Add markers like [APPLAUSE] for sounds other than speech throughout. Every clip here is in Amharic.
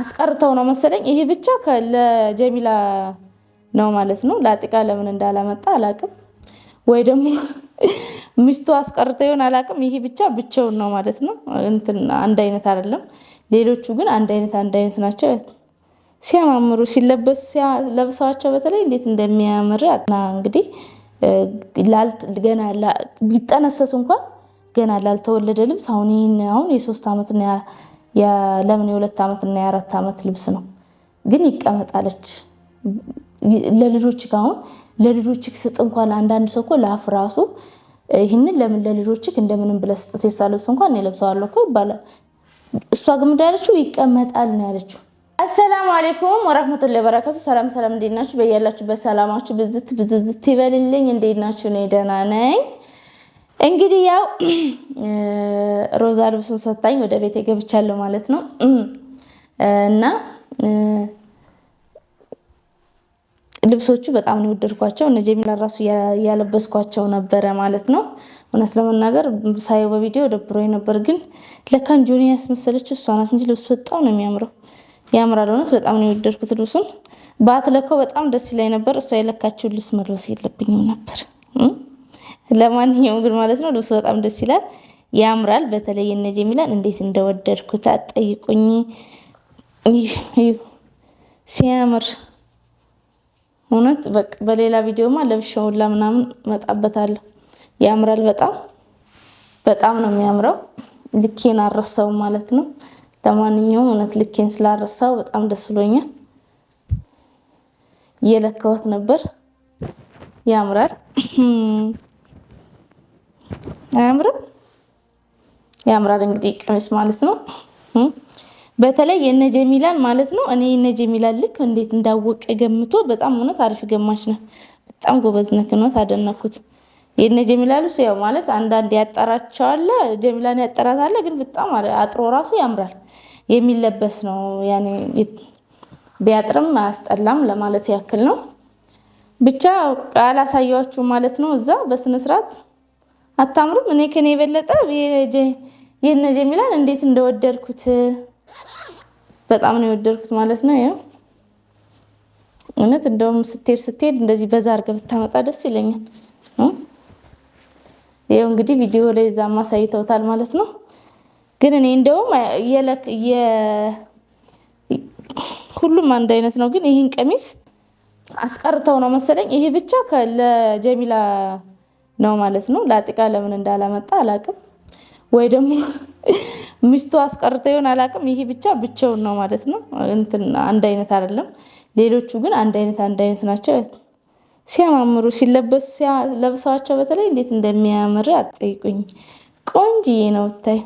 አስቀርተው ነው መሰለኝ። ይሄ ብቻ ለጀሚላ ነው ማለት ነው። ለአጢቃ ለምን እንዳላመጣ አላቅም፣ ወይ ደግሞ [LAUGHS] ሚስቱ አስቀርተው ይሆን አላቅም። ይሄ ብቻ ብቻውን ነው ማለት ነው። እንትን አንድ አይነት አይደለም። ሌሎቹ ግን አንድ አይነት አንድ አይነት ናቸው። ሲያማምሩ ሲለበሱ ለብሰዋቸው በተለይ እንዴት እንደሚያምር እና እንግዲህ ገና ቢጠነሰሱ እንኳን ገና ላልተወለደ ልብስ አሁን ይህን አሁን የሶስት ዓመት ለምን የሁለት ዓመት እና የአራት ዓመት ልብስ ነው ግን ይቀመጣለች። ለልጆች ካሁን ለልጆች ስጥ እንኳን አንዳንድ ሰው እኮ ለአፍ ራሱ ይህንን ለምን ለልጆችክ እንደምንም ብለህ ስጠት የሷ ልብስ እንኳን የለብሰዋለሁ እኮ ይባላል። እሷ ግምዳ ያለችው ይቀመጣል ነው ያለችው። አሰላሙ አሌይኩም ወረህመቱላሂ በረካቱ። ሰላም ሰላም፣ እንዴት ናችሁ? በያላችሁበት ሰላማችሁ ብዝት ብዝዝት ይበልልኝ። እንዴት ናችሁ? እኔ ደህና ነኝ። እንግዲህ ያው [CLEARS THROAT] ሮዛ ልብሱን ሰታኝ ወደ ቤት ገብቻለሁ ማለት ነው [CLEARS THROAT] እና ልብሶቹ በጣም ነው የወደድኳቸው። እነ ጀሚላ ራሱ ያለበስኳቸው ነበረ ማለት ነው። እውነት ለመናገር ሳየው በቪዲዮ ደብሮ ነበር፣ ግን ለካን እንጆኒ ያስመሰለችው እሷ ናት እንጂ ልብሱ በጣም ነው የሚያምረው። ያምራል። እውነት በጣም ነው የወደድኩት ልብሱን። በአት በጣም ደስ ይላይ ነበር። እሷ የለካችውን ልብስ መልበስ የለብኝም ነበር። ለማንኛውም ግን ማለት ነው ልብሱ በጣም ደስ ይላል፣ ያምራል። በተለይ እነ ጀሚላን እንዴት እንደወደድኩት አትጠይቁኝ። ሲያምር እውነት በሌላ ቪዲዮማ ለብሸውላ ምናምን መጣበታለሁ። ያምራል። በጣም በጣም ነው የሚያምረው። ልኬን አልረሳው ማለት ነው። ለማንኛውም እውነት ልኬን ስላረሳው በጣም ደስ ብሎኛል። እየለካሁት ነበር። ያምራል። አያምርም? ያምራል። እንግዲህ ቀሚስ ማለት ነው። በተለይ የነ ጀሚላን ማለት ነው። እኔ የነ ጀሚላን ልክ እንዴት እንዳወቀ ገምቶ በጣም እውነት አሪፍ ገማች ነው። በጣም ጎበዝ ነክ ነው። አደነኩት። የነ ጀሚላ ልብስ ያው ማለት አንዳንድ ያጠራቸዋለ ጀሚላን ያጠራታለ፣ ግን በጣም አጥሮ ራሱ ያምራል። የሚለበስ ነው ያኔ ቢያጥርም አያስጠላም ለማለት ያክል ነው። ብቻ አላሳያችሁ ማለት ነው። እዛ በስነስርዓት አታምሩም? እኔ ከኔ የበለጠ የነ ጀሚላን እንዴት እንደወደድኩት በጣም ነው የወደድኩት ማለት ነው። ያው እውነት እንደውም ስትሄድ ስትሄድ እንደዚህ በዛ አድርገህ ብታመጣ ደስ ይለኛል። ይኸው እንግዲህ ቪዲዮ ላይ እዛ ማሳይተውታል ማለት ነው። ግን እኔ እንደውም ሁሉም አንድ አይነት ነው። ግን ይህን ቀሚስ አስቀርተው ነው መሰለኝ ይሄ ብቻ ለጀሚላ ነው ማለት ነው። ላጢቃ ለምን እንዳላመጣ አላቅም። ወይ ደግሞ ምሽቱ [LAUGHS] አስቀርተ ይሆን አላቅም። ይሄ ብቻ ብቻውን ነው ማለት ነው። አንድ አይነት አይደለም። ሌሎቹ ግን አንድ አይነት አንድ አይነት ናቸው። ሲያማምሩ ሲለበሱ ለብሰዋቸው በተለይ እንዴት እንደሚያምር አትጠይቁኝ። ቆንጅዬ ነው ብታይ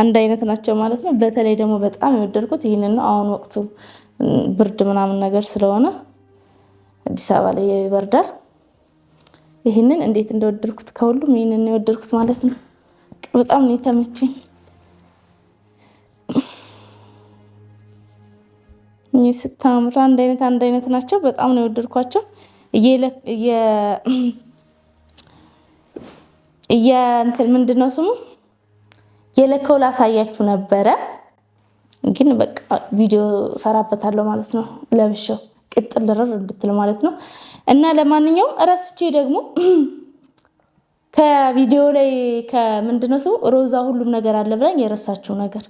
አንድ አይነት ናቸው ማለት ነው። በተለይ ደግሞ በጣም የወደድኩት ይህንን ነው። አሁን ወቅቱ ብርድ ምናምን ነገር ስለሆነ አዲስ አበባ ላይ ይበርዳል። ይህንን እንዴት እንደወደድኩት ከሁሉም ይህንን የወደድኩት ማለት ነው። በጣም ነው የተመቸኝ። ይህ ስታምር አንድ አይነት አንድ አይነት ናቸው። በጣም ነው የወደድኳቸው። እንትን ምንድን ነው ስሙ የለከው ላሳያችሁ ነበረ፣ ግን በቃ ቪዲዮ ሰራበታለሁ ማለት ነው ለብሼው ቅጥል እንድትል ማለት ነው። እና ለማንኛውም እረስቼ ደግሞ [CLEARS THROAT] ከቪዲዮ ላይ ከምንድነው ሰው ሮዛ ሁሉም ነገር አለ ብላኝ የረሳችው ነገር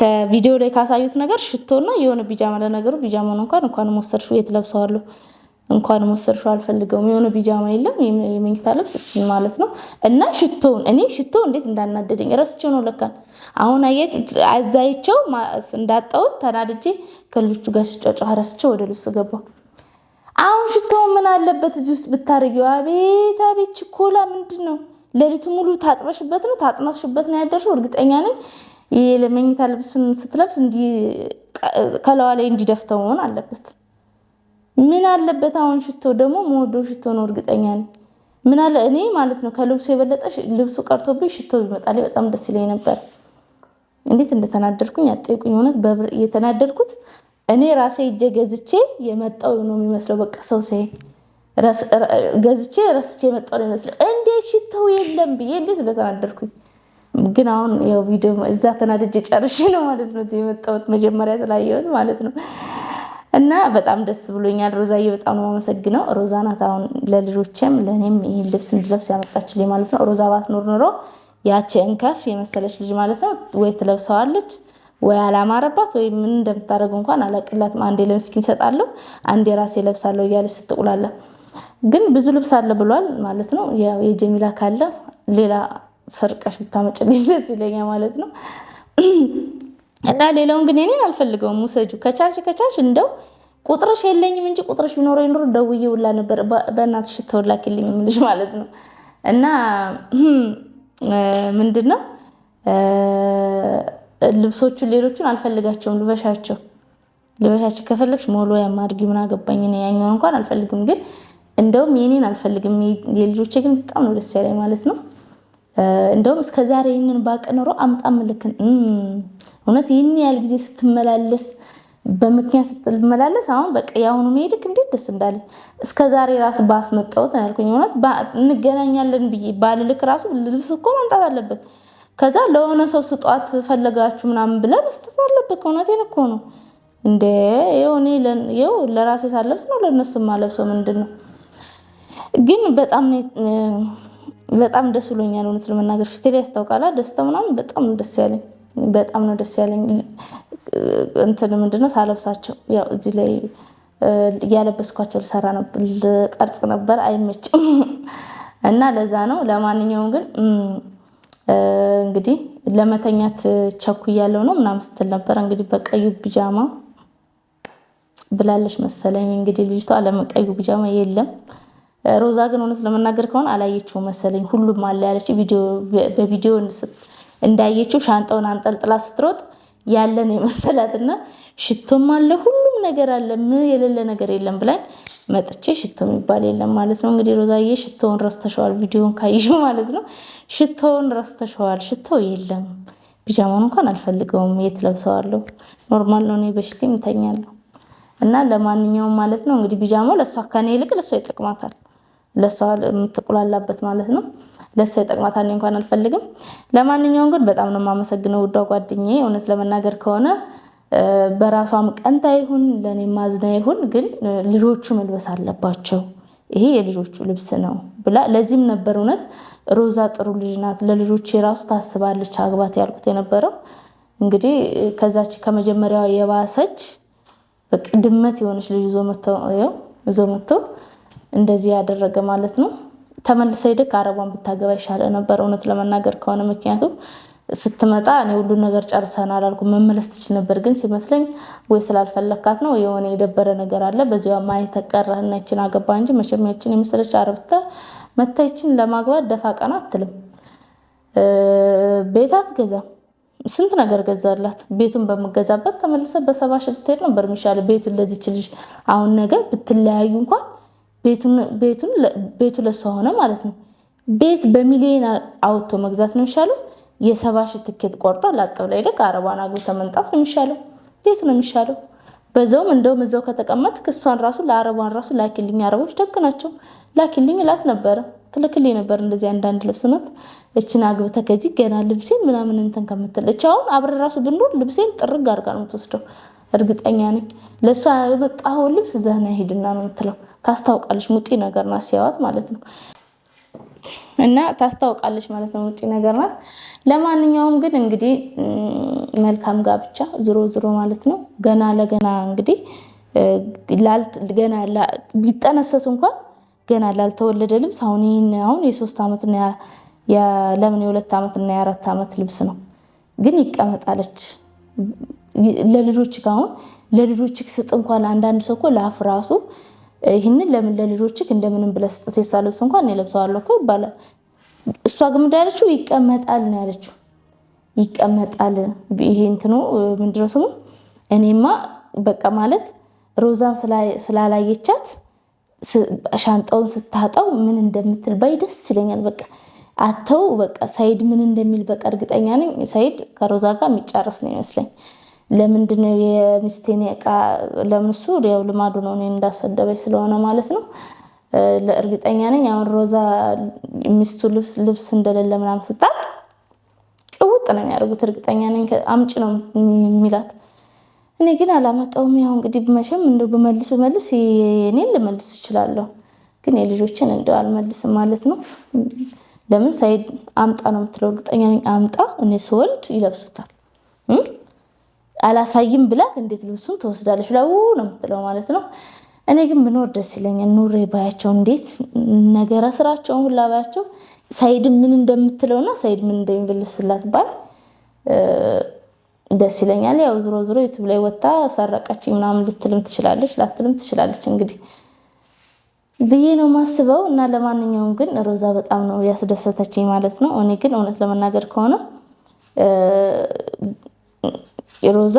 ከቪዲዮ ላይ ካሳዩት ነገር ሽቶና የሆነ ቢጃማ ለነገሩ ቢጃማን እንኳን እንኳን ወሰድሽው የት ለብሰዋለሁ እንኳን ወሰድሽው አልፈልገውም። የሆነ ቢጃማ የለም የመኝታ ልብስ እሱን ማለት ነው። እና ሽቶውን እኔ ሽቶ እንዴት እንዳናደደኝ ረስቼው ነው ለካን አሁን አየት አዛይቸው እንዳጣሁት ተናድጄ ከልጆቹ ጋር ሲጫጫ ረስቼው ወደ ልብስ ገባሁ። አሁን ሽቶውን ምን አለበት እዚህ ውስጥ ብታደርጊው። አቤት አቤት ችኮላ ምንድን ነው? ሌሊቱ ሙሉ ታጥበሽበት ነው ታጥናሽበት ነው ያደርሽው። እርግጠኛ ነኝ ለመኝታ ልብሱን ስትለብስ እንዲህ ከለዋ ላይ እንዲደፍተው መሆን አለበት። ምን አለበት አሁን ሽቶ ደግሞ መወዶ ሽቶ ነው። እርግጠኛ ነኝ ምን አለ እኔ ማለት ነው ከልብሱ የበለጠ ልብሱ ቀርቶብኝ ሽቶ ቢመጣ በጣም ደስ ይለኝ ነበር። እንዴት እንደተናደርኩኝ አጠይቁኝ። እውነት በብር እየተናደድኩት እኔ ራሴ እጄ ገዝቼ የመጣው ነው የሚመስለው። በቃ ሰው ሳይ ገዝቼ ረስቼ የመጣው ነው የሚመስለው። እንዴት ሽተው የለም ብዬ እንዴት እንደተናደድኩኝ ግን አሁን ያው ቪዲዮ እዛ ተናድጄ ጨርሼ ነው ማለት ነው የመጣሁት መጀመሪያ ስላየሁት ማለት ነው። እና በጣም ደስ ብሎኛል። ሮዛዬ በጣም ነው የማመሰግነው። ሮዛ ናት አሁን ለልጆችም ለእኔም ይህን ልብስ እንድለብስ ያመጣችልኝ ማለት ነው። ሮዛ ባትኖር ኖሮ ያቺ እንከፍ የመሰለች ልጅ ማለት ነው ወይ ትለብሰዋለች ወይ አላማረባት ወይ ምን እንደምታደርገው እንኳን አላቅላትም። አንዴ ለምስኪን እሰጣለሁ፣ አንዴ ራሴ ለብሳለሁ እያለች ስትቁላለ ግን ብዙ ልብስ አለ ብሏል ማለት ነው። የጀሚላ ካለ ሌላ ሰርቀሽ ብታመጭልኝ ደስ ይለኛል ማለት ነው። እና ሌላውን ግን እኔን አልፈልገውም። ውሰጁ ከቻልሽ ከቻልሽ እንደው ቁጥርሽ የለኝም እንጂ ቁጥርሽ ቢኖረ ኖሮ ደውዬ ውላ ነበር። በእናትሽ ሽተው ላኪልኝ የምልሽ ማለት ነው። እና ምንድን ነው ልብሶቹን ሌሎቹን አልፈልጋቸውም። ልበሻቸው ልበሻቸው ከፈለግሽ ሞሎ ያማድጊ ምን አገባኝ። ያኛውን እንኳን አልፈልግም፣ ግን እንደውም የኔን አልፈልግም። የልጆች ግን በጣም ነው ደስ ያለኝ ማለት ነው። እንደውም እስከዛሬ ይህንን ባቅ ኖሮ አምጣም ልክን እውነት ይህን ያህል ጊዜ ስትመላለስ በምክንያት ስትመላለስ አሁን በቃ የአሁኑ መሄድክ እንዴት ደስ እንዳለ እስከ ዛሬ ራሱ ባስመጣሁት ያልኩኝ እውነት እንገናኛለን ብዬ ባልልክ ራሱ ልብስ እኮ መምጣት አለበት። ከዛ ለሆነ ሰው ስጧት ፈለጋችሁ ምናምን ብለህ መስጠት አለበት። እውነቴን እኮ ነው እንደ ይኸው ለራሴ ሳለብስ ነው ለእነሱ ማለብሰው ምንድን ነው ግን በጣም በጣም ደስ ብሎኛል። እውነት ለመናገር ፊቴ ላይ ያስታውቃላ ደስታ ምናምን በጣም ደስ ያለኝ በጣም ነው ደስ ያለኝ። እንትን ምንድነው ሳለብሳቸው ያው እዚህ ላይ እያለበስኳቸው ልሰራ ቀርጽ ነበር አይመችም [LAUGHS] እና ለዛ ነው። ለማንኛውም ግን እንግዲህ ለመተኛት ቸኩ እያለው ነው ምናምን ስትል ነበር። እንግዲህ በቀዩ ቢጃማ ብላለች መሰለኝ እንግዲህ ልጅቷ። ለመቀዩ ቢጃማ የለም ሮዛ ግን እውነት ለመናገር ከሆነ አላየችው መሰለኝ። ሁሉም አለ ያለች በቪዲዮ እንዳየችው ሻንጣውን አንጠልጥላ ስትሮጥ ያለን የመሰላትና ሽቶም አለ ሁሉም ነገር አለ፣ ምን የሌለ ነገር የለም ብላኝ መጥቼ ሽቶ የሚባል የለም ማለት ነው። እንግዲህ ሮዛዬ ሽቶውን ረስተሸዋል፣ ቪዲዮን ካይሽ ማለት ነው። ሽቶውን ረስተሸዋል፣ ሽቶ የለም። ቢጃማን እንኳን አልፈልገውም፣ የት ለብሰዋለሁ? ኖርማል ነው፣ እኔ በሽቴም እምተኛለሁ። እና ለማንኛውም ማለት ነው እንግዲህ ቢጃማው ለእሷ ከኔ ይልቅ ለእሷ ይጠቅማታል፣ ለእሷ የምትቁላላበት ማለት ነው። ለእሷ ይጠቅማታል እንኳን አልፈልግም። ለማንኛውም ግን በጣም ነው የማመሰግነው ውዷ ጓደኛዬ። እውነት ለመናገር ከሆነ በራሷም ቀንታ ይሁን ለእኔ ማዝና ይሁን ግን ልጆቹ መልበስ አለባቸው ይሄ የልጆቹ ልብስ ነው ብላ ለዚህም ነበር እውነት ሮዛ ጥሩ ልጅ ናት፣ ለልጆች የራሱ ታስባለች አግባት ያልኩት የነበረው እንግዲህ ከዛች ከመጀመሪያዋ የባሰች ድመት የሆነች ልጅ ይዞ መጥቶ እንደዚህ ያደረገ ማለት ነው። ተመልሰ ሄደክ አረቧን ብታገባ ይሻለ ነበር፣ እውነት ለመናገር ከሆነ ምክንያቱም ስትመጣ እኔ ሁሉን ነገር ጨርሰናል አላልኩም። መመለስ ትችል ነበር፣ ግን ሲመስለኝ ወይ ስላልፈለካት ነው የሆነ የደበረ ነገር አለ። በዚያ ማየት ተቀረህና ይችን አገባ እንጂ መሸሚያችን የመሰለች አረብተ መታይችን ለማግባት ደፋ ቀና አትልም። ቤት አትገዛም። ስንት ነገር ገዛላት። ቤቱን በምገዛበት ተመልሰ በሰባ ሺህ ብትሄድ ነበር የሚሻለው ቤቱን ለዚች ልጅ። አሁን ነገር ብትለያዩ እንኳን ቤቱ ለሷ ሆነ ማለት ነው። ቤት በሚሊዮን አውጥቶ መግዛት ነው የሚሻለው። የሰባ ሺህ ትኬት ቆርጦ ላጠው ላይ ደግ አረቧን አግብተ መምጣት ነው የሚሻለው። ቤቱ ነው የሚሻለው። በዛውም እንደውም እዛው ከተቀመጥ ክሷን ራሱ ለአረቧን ራሱ ላኪልኝ፣ አረቦች ደግ ናቸው ላኪልኝ እላት ነበረ። ትልክልኝ ነበር እንደዚህ አንዳንድ ልብስ ነት እችን አግብተ ከዚህ ገና ልብሴን ምናምን እንትን ከምትል እች አሁን አብረ ራሱ ብንሆን ልብሴን ጥርግ አርጋ ነው የምትወስደው። እርግጠኛ ነኝ ለእሷ የመጣኸውን ልብስ ዘህና ሄድና ነው የምትለው። ታስታውቃለች። ሙጢ ነገር ናት ሲያዋት ማለት ነው እና ታስታውቃለች ማለት ነው። ሙጢ ነገር ናት። ለማንኛውም ግን እንግዲህ መልካም ጋብቻ ዝሮ ዝሮ ማለት ነው። ገና ለገና እንግዲህ ገና ቢጠነሰስ እንኳን ገና ላልተወለደ ልብስ አሁን ይህን አሁን የሶስት ዓመት ለምን የሁለት ዓመትና የአራት ዓመት ልብስ ነው ግን ይቀመጣለች ለልጆች ካሁን ለልጆች ስጥ እንኳን አንዳንድ ሰው እኮ ለአፍ ራሱ ይህንን ለምን ለልጆች እንደምንም ብለህ ስጠት፣ የሷ ልብስ እንኳን እኔ ለብሰዋለሁ እኮ ይባላል። እሷ ግን ምንድን ያለችው ይቀመጣል ነው ያለችው። ይቀመጣል ይሄ እንትኑ ምንድነው ስሙ? እኔማ በቃ ማለት ሮዛን ስላላየቻት ሻንጣውን ስታጣው ምን እንደምትል ባይ ደስ ይለኛል። በቃ አተው በቃ ሰይድ ምን እንደሚል በቃ እርግጠኛ ነኝ ሰይድ ከሮዛ ጋር የሚጫረስ ነው ይመስለኝ። ለምንድነው የሚስቴን ዕቃ ለምን እሱ ያው ልማዱ ነው፣ እኔን እንዳሰደበኝ ስለሆነ ማለት ነው። እርግጠኛ ነኝ አሁን ሮዛ ሚስቱ ልብስ እንደሌለ ምናምን ስታቅ ቅውጥ ነው የሚያደርጉት። እርግጠኛ ነኝ አምጪ ነው የሚላት። እኔ ግን አላመጣውም። ያው እንግዲህ መቼም እንደው ብመልስ ብመልስ እኔን ልመልስ እችላለሁ፣ ግን የልጆችን እንደው አልመልስም ማለት ነው። ለምን ሳይድ አምጣ ነው የምትለው። እርግጠኛ ነኝ አምጣ እኔ ስወልድ ይለብሱታል። አላሳይም ብላክ እንዴት ልብሱን ትወስዳለች ለው ነው የምትለው ማለት ነው። እኔ ግን ብኖር ደስ ይለኛል። ኑሬ ባያቸው እንዴት ነገረ ስራቸውን ሁላ ባያቸው ሳይድ ምን እንደምትለውና ሳይድ ምን እንደሚመልስላት ባል ደስ ይለኛል። ያው ዞሮ ዞሮ ዩቱብ ላይ ወጣ ሰረቀች ምናምን ልትልም ትችላለች፣ ላትልም ትችላለች እንግዲህ ብዬ ነው ማስበው። እና ለማንኛውም ግን ሮዛ በጣም ነው ያስደሰተችኝ ማለት ነው። እኔ ግን እውነት ለመናገር ከሆነ ሮዛ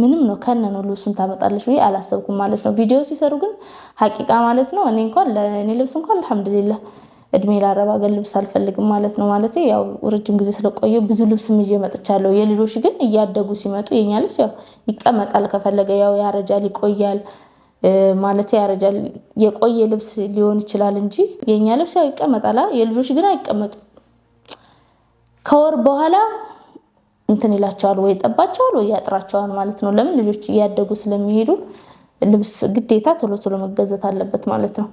ምንም ነው ከነ ነው ልብሱን ታመጣለች ብዬ አላሰብኩም ማለት ነው። ቪዲዮ ሲሰሩ ግን ሀቂቃ ማለት ነው። እኔ እንኳን ለእኔ ልብስ እንኳን አልሐምድሊላህ እድሜ ላረብ ልብስ አልፈልግም ማለት ነው። ማለት ያው ረጅም ጊዜ ስለቆየ ብዙ ልብስ ይዤ መጥቻለሁ። የልጆች ግን እያደጉ ሲመጡ የኛ ልብስ ያው ይቀመጣል፣ ከፈለገ ያው ያረጃል፣ ይቆያል ማለት ያረጃል። የቆየ ልብስ ሊሆን ይችላል እንጂ የእኛ ልብስ ያው ይቀመጣል። የልጆች ግን አይቀመጡም ከወር በኋላ እንትን ይላቸዋል ወይ ጠባቸዋል ወይ ያጥራቸዋል ማለት ነው። ለምን ልጆች እያደጉ ስለሚሄዱ ልብስ ግዴታ ቶሎ ቶሎ መገዘት አለበት ማለት ነው።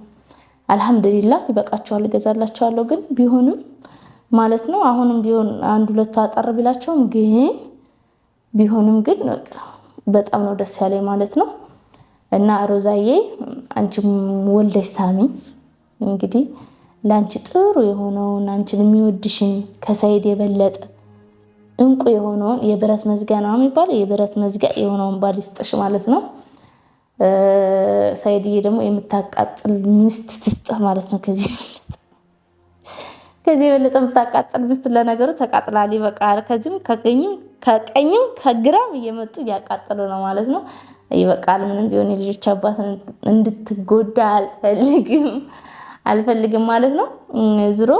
አልሐምዱሊላ ይበቃቸዋል፣ እገዛላቸዋለሁ። ግን ቢሆንም ማለት ነው አሁንም ቢሆን አንድ ሁለቱ አጠር ቢላቸውም ግን ቢሆንም ግን በጣም ነው ደስ ያለኝ ማለት ነው። እና ሮዛዬ አንቺም ወልደሽ ሳሚ እንግዲህ ለአንቺ ጥሩ የሆነውን አንቺን የሚወድሽን ከሳይድ የበለጠ እንቁ የሆነውን የብረት መዝጊያ ነው የሚባለው። የብረት መዝጊያ የሆነውን ባል ይስጥሽ ማለት ነው። ሳይድዬ ደግሞ የምታቃጥል ሚስት ትስጥ ማለት ነው። ከዚህ ከዚህ የበለጠ የምታቃጥል ሚስት ለነገሩ ተቃጥላል። ይበቃል። ከዚህም ከቀኝም ከቀኝም ከግራም እየመጡ እያቃጠሉ ነው ማለት ነው። ይበቃል። ምንም ቢሆን የልጆች አባት እንድትጎዳ አልፈልግም አልፈልግም ማለት ነው። ዝሮ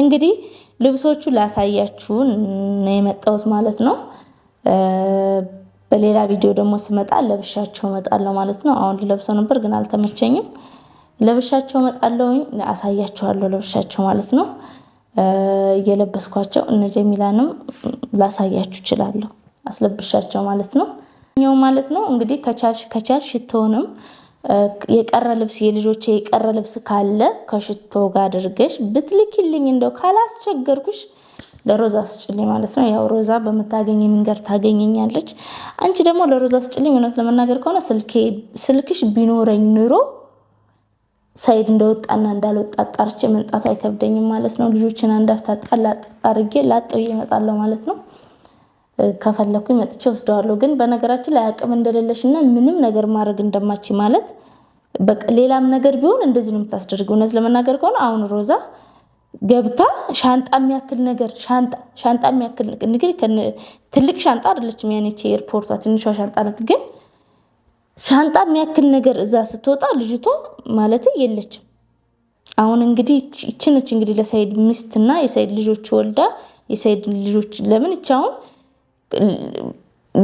እንግዲህ ልብሶቹ ላሳያችሁን ነው የመጣሁት ማለት ነው። በሌላ ቪዲዮ ደግሞ ስመጣ ለብሻቸው እመጣለሁ ማለት ነው። አሁን ልለብሰው ነበር ግን አልተመቸኝም። ለብሻቸው እመጣለሁኝ አሳያችኋለሁ፣ ለብሻቸው ማለት ነው። እየለበስኳቸው እነ ጀሚላንም ላሳያችሁ እችላለሁ፣ አስለብሻቸው ማለት ነው። ኛው ማለት ነው እንግዲህ ከቻልሽ ከቻልሽ ሽቶውንም የቀረ ልብስ የልጆቼ የቀረ ልብስ ካለ ከሽቶ ጋር አድርገሽ ብትልኪልኝ እንደው ካላስቸገርኩሽ ለሮዛ ስጭልኝ ማለት ነው። ያው ሮዛ በምታገኝ መንገድ ታገኘኛለች። አንቺ ደግሞ ለሮዛ ስጭልኝ። እውነት ለመናገር ከሆነ ስልክሽ ቢኖረኝ ኑሮ ሳይድ እንደወጣና እንዳልወጣ ጣርቼ መምጣት አይከብደኝም ማለት ነው። ልጆችን አንዳፍታ ጣል አድርጌ ላጥ ብዬ እመጣለሁ ማለት ነው። ከፈለኩኝ መጥቼ ወስደዋለሁ። ግን በነገራችን ላይ አቅም እንደሌለሽ እና ምንም ነገር ማድረግ እንደማች ማለት ሌላም ነገር ቢሆን እንደዚህ ነው የምታስደርግ። እውነት ለመናገር ከሆነ አሁን ሮዛ ገብታ ሻንጣ የሚያክል ነገር ሻንጣ ሻንጣ የሚያክል እንግዲህ ትልቅ ሻንጣ አይደለችም ያኔች ኤርፖርቷ ትንሿ ሻንጣ ናት። ግን ሻንጣ የሚያክል ነገር እዛ ስትወጣ ልጅቷ ማለት የለችም። አሁን እንግዲህ ይችነች እንግዲህ ለሳይድ ሚስትና የሳይድ ልጆች ወልዳ የሳይድ ልጆች ለምን ይቻውን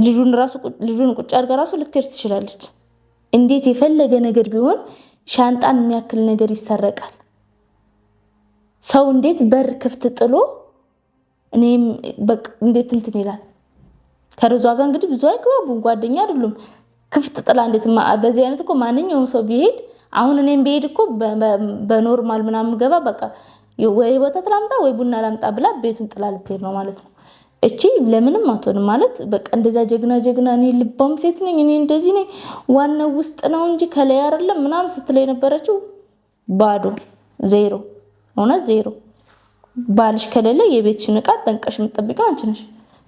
ልጁን ራሱ ልጁን ቁጭ አድርጋ ራሱ ልትሄድ ትችላለች። እንዴት የፈለገ ነገር ቢሆን ሻንጣን የሚያክል ነገር ይሰረቃል። ሰው እንዴት በር ክፍት ጥሎ እኔም እንዴት እንትን ይላል። ከርዟ ጋር እንግዲህ ብዙ አይግባቡም፣ ጓደኛ አይደሉም። ክፍት ጥላ እንዴት በዚህ አይነት እኮ ማንኛውም ሰው ቢሄድ አሁን እኔም ብሄድ እኮ በኖርማል ምናምን ገባ በቃ ወይ ወተት ላምጣ ወይ ቡና ላምጣ ብላ ቤቱን ጥላ ልትሄድ ነው ማለት ነው። እቺ ለምንም አትሆንም ማለት በቃ እንደዛ ጀግና ጀግና እኔ ልባም ሴት ነኝ እኔ እንደዚህ ነኝ ዋናው ውስጥ ነው እንጂ ከላይ አይደለም ምናምን ስትል የነበረችው ባዶ ዜሮ እውነት ዜሮ። ባልሽ ከሌለ የቤትሽን ዕቃ ጠንቀሽ የምጠብቀው አንቺ ነሽ።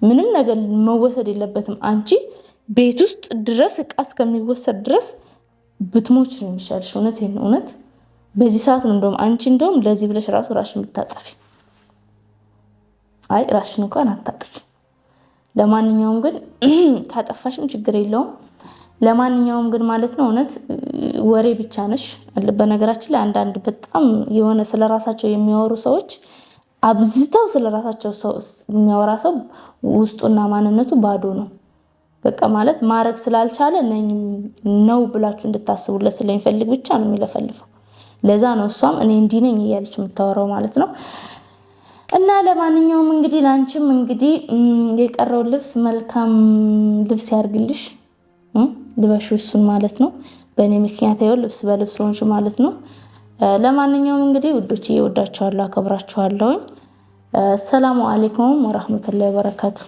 ምንም ነገር መወሰድ የለበትም። አንቺ ቤት ውስጥ ድረስ እቃ እስከሚወሰድ ድረስ ብትሞች ነው የሚሻልሽ። እውነት ይህን እውነት በዚህ ሰዓት ነው እንደውም አንቺ እንደውም ለዚህ ብለሽ ራሱ ራሽ የምታጠፊ አይ ራስሽን እንኳን አታጥፊ። ለማንኛውም ግን [CLEARS THROAT] ካጠፋሽም ችግር የለውም። ለማንኛውም ግን ማለት ነው እውነት ወሬ ብቻ ነሽ። በነገራችን ላይ አንዳንድ በጣም የሆነ ስለ ራሳቸው የሚያወሩ ሰዎች አብዝተው ስለ ራሳቸው የሚያወራ ሰው ውስጡና ማንነቱ ባዶ ነው። በቃ ማለት ማድረግ ስላልቻለ ነው ብላችሁ እንድታስቡለት ስለሚፈልግ ብቻ ነው የሚለፈልፈው። ለዛ ነው እሷም እኔ እንዲነኝ እያለች የምታወራው ማለት ነው። እና ለማንኛውም እንግዲህ ለአንቺም እንግዲህ የቀረው ልብስ መልካም ልብስ ያርግልሽ፣ ልበሽ እሱን ማለት ነው። በእኔ ምክንያት ይኸው ልብስ በልብስ ሆንሽ ማለት ነው። ለማንኛውም እንግዲህ ውዶች እየወዳችኋለሁ፣ አከብራችኋለሁኝ። ሰላሙ አሌይኩም ወራህመቱላሂ ወበረካቱሁ።